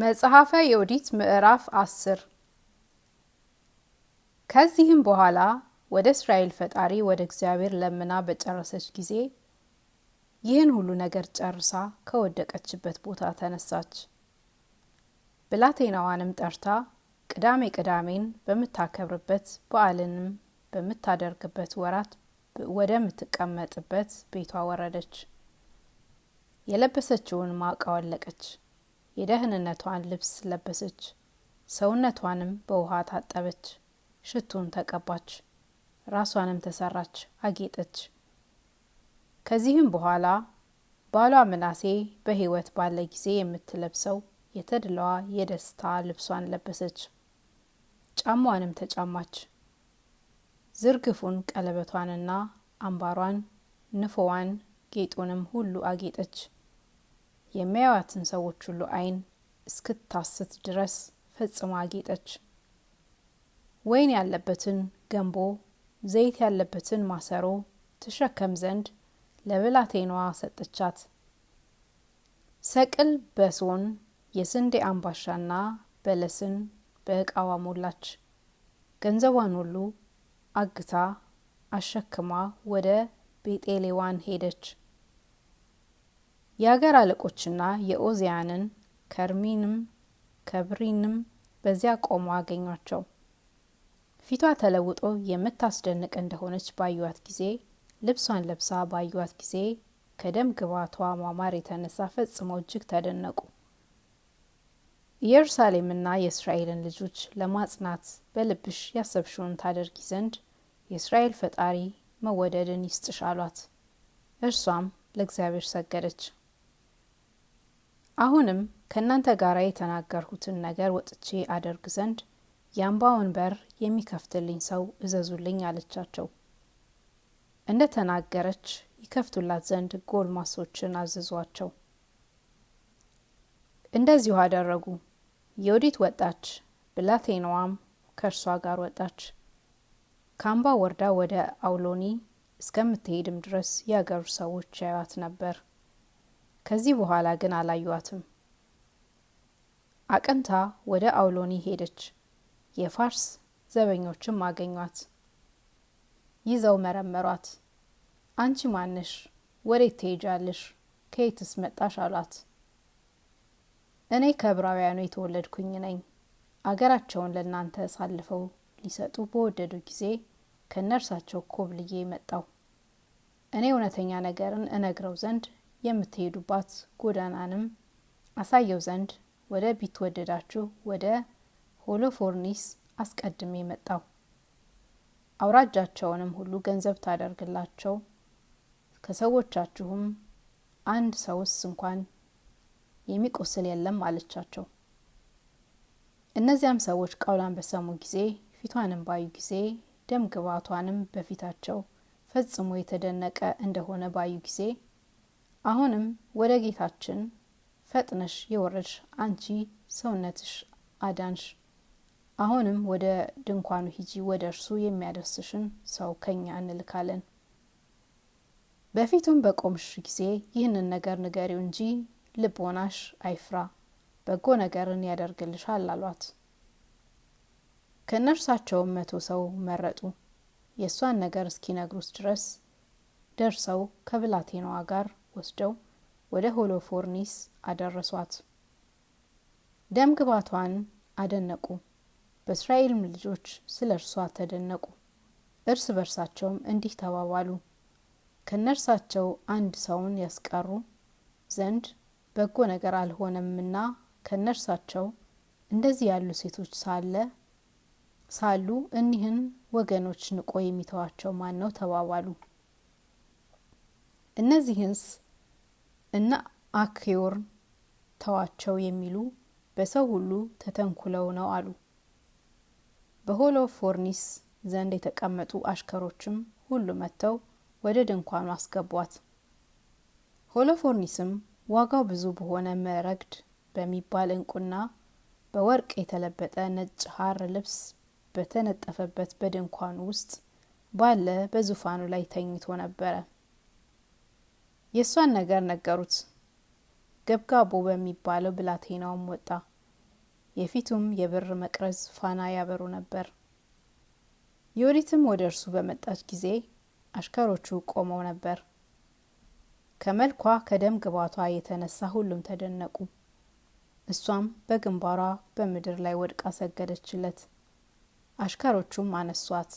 መጽሐፈ ዮዲት ምዕራፍ አስር ከዚህም በኋላ ወደ እስራኤል ፈጣሪ ወደ እግዚአብሔር ለምና በጨረሰች ጊዜ ይህን ሁሉ ነገር ጨርሳ ከወደቀችበት ቦታ ተነሳች። ብላቴናዋንም ጠርታ ቅዳሜ ቅዳሜን በምታከብርበት በዓልንም በምታደርግበት ወራት ወደምትቀመጥበት ቤቷ ወረደች። የለበሰችውን ማቅ አወለቀች። የደህንነቷን ልብስ ለበሰች፣ ሰውነቷንም በውሃ ታጠበች፣ ሽቱን ተቀባች፣ ራሷንም ተሰራች፣ አጌጠች። ከዚህም በኋላ ባሏ ምናሴ በሕይወት ባለ ጊዜ የምትለብሰው የተድላዋ የደስታ ልብሷን ለበሰች፣ ጫሟንም ተጫማች፣ ዝርግፉን ቀለበቷንና አምባሯን፣ ንፎዋን፣ ጌጡንም ሁሉ አጌጠች። የሚያዋትን ሰዎች ሁሉ አይን እስክታስት ድረስ ፈጽማ አጌጠች። ወይን ያለበትን ገንቦ፣ ዘይት ያለበትን ማሰሮ ትሸከም ዘንድ ለብላቴናዋ ሰጠቻት። ሰቅል በሶን የስንዴ አምባሻና በለስን በእቃዋ ሞላች። ገንዘቧን ሁሉ አግታ አሸክማ ወደ ቤጤሌዋን ሄደች። የአገር አለቆችና የኦዚያንን ከርሚንም ከብሪንም በዚያ ቆመው አገኟቸው። ፊቷ ተለውጦ የምታስደንቅ እንደሆነች ባዩዋት ጊዜ ልብሷን ለብሳ ባዩዋት ጊዜ ከደም ግባቷ ማማር የተነሳ ፈጽሞ እጅግ ተደነቁ። ኢየሩሳሌምና የእስራኤልን ልጆች ለማጽናት በልብሽ ያሰብሽውን ታደርጊ ዘንድ የእስራኤል ፈጣሪ መወደድን ይስጥሽ አሏት። እርሷም ለእግዚአብሔር ሰገደች። አሁንም ከእናንተ ጋር የተናገርሁትን ነገር ወጥቼ አደርግ ዘንድ የአምባውን በር የሚከፍትልኝ ሰው እዘዙልኝ አለቻቸው። እንደ ተናገረች ይከፍቱላት ዘንድ ጎልማሶችን አዘዟቸው። እንደዚሁ አደረጉ። የወዲት ወጣች፣ ብላቴናዋም ከእርሷ ጋር ወጣች። ከአምባ ወርዳ ወደ አውሎኒ እስከምትሄድም ድረስ የአገሩ ሰዎች ያዩት ነበር። ከዚህ በኋላ ግን አላዩዋትም። አቅንታ ወደ አውሎኒ ሄደች። የፋርስ ዘበኞችም አገኟት። ይዘው መረመሯት። አንቺ ማንሽ? ወዴት ትሄጃለሽ? ከየትስ መጣሽ? አሏት። እኔ ከዕብራውያኑ የተወለድኩኝ ነኝ። አገራቸውን ለእናንተ አሳልፈው ሊሰጡ በወደዱ ጊዜ ከእነርሳቸው ኮብልዬ መጣው። እኔ እውነተኛ ነገርን እነግረው ዘንድ የምትሄዱባት ጎዳናንም አሳየው ዘንድ ወደ ቢትወደዳችሁ ወደ ሆሎፎርኒስ አስቀድሜ መጣው። አውራጃቸውንም ሁሉ ገንዘብ ታደርግላቸው፣ ከሰዎቻችሁም አንድ ሰውስ እንኳን የሚቆስል የለም አለቻቸው። እነዚያም ሰዎች ቃሏን በሰሙ ጊዜ ፊቷንም ባዩ ጊዜ ደም ግባቷንም በፊታቸው ፈጽሞ የተደነቀ እንደሆነ ባዩ ጊዜ አሁንም ወደ ጌታችን ፈጥነሽ የወረድሽ አንቺ ሰውነትሽ አዳንሽ። አሁንም ወደ ድንኳኑ ሂጂ፣ ወደ እርሱ የሚያደርስሽን ሰው ከኛ እንልካለን። በፊቱም በቆምሽ ጊዜ ይህንን ነገር ንገሪው እንጂ ልቦናሽ አይፍራ፣ በጎ ነገርን ያደርግልሻል አሏት። ከእነርሳቸውም መቶ ሰው መረጡ። የእሷን ነገር እስኪነግሩስ ድረስ ደርሰው ከብላቴናዋ ጋር ወስደው ወደ ሆሎፎርኒስ አደረሷት። ደም ግባቷን አደነቁ። በእስራኤልም ልጆች ስለ እርሷ ተደነቁ። እርስ በርሳቸውም እንዲህ ተባባሉ፣ ከነርሳቸው አንድ ሰውን ያስቀሩ ዘንድ በጎ ነገር አልሆነምና ከነርሳቸው እንደዚህ ያሉ ሴቶች ሳለ ሳሉ እኒህን ወገኖች ንቆ የሚተዋቸው ማን ነው? ተባባሉ። እነዚህንስ እና አክዮር ተዋቸው የሚሉ በሰው ሁሉ ተተንኩለው ነው አሉ። በሆሎፎርኒስ ዘንድ የተቀመጡ አሽከሮችም ሁሉ መጥተው ወደ ድንኳኑ አስገቧት። ሆሎፎርኒስም ዋጋው ብዙ በሆነ መረግድ በሚባል እንቁና በወርቅ የተለበጠ ነጭ ሐር ልብስ በተነጠፈበት በድንኳኑ ውስጥ ባለ በዙፋኑ ላይ ተኝቶ ነበረ። የእሷን ነገር ነገሩት። ገብጋቦ በሚባለው ብላቴናውም ወጣ። የፊቱም የብር መቅረዝ ፋና ያበሩ ነበር። ዮዲትም ወደ እርሱ በመጣች ጊዜ አሽከሮቹ ቆመው ነበር። ከመልኳ ከደም ግባቷ የተነሳ ሁሉም ተደነቁ። እሷም በግንባሯ በምድር ላይ ወድቃ ሰገደችለት። አሽከሮቹም አነሷት።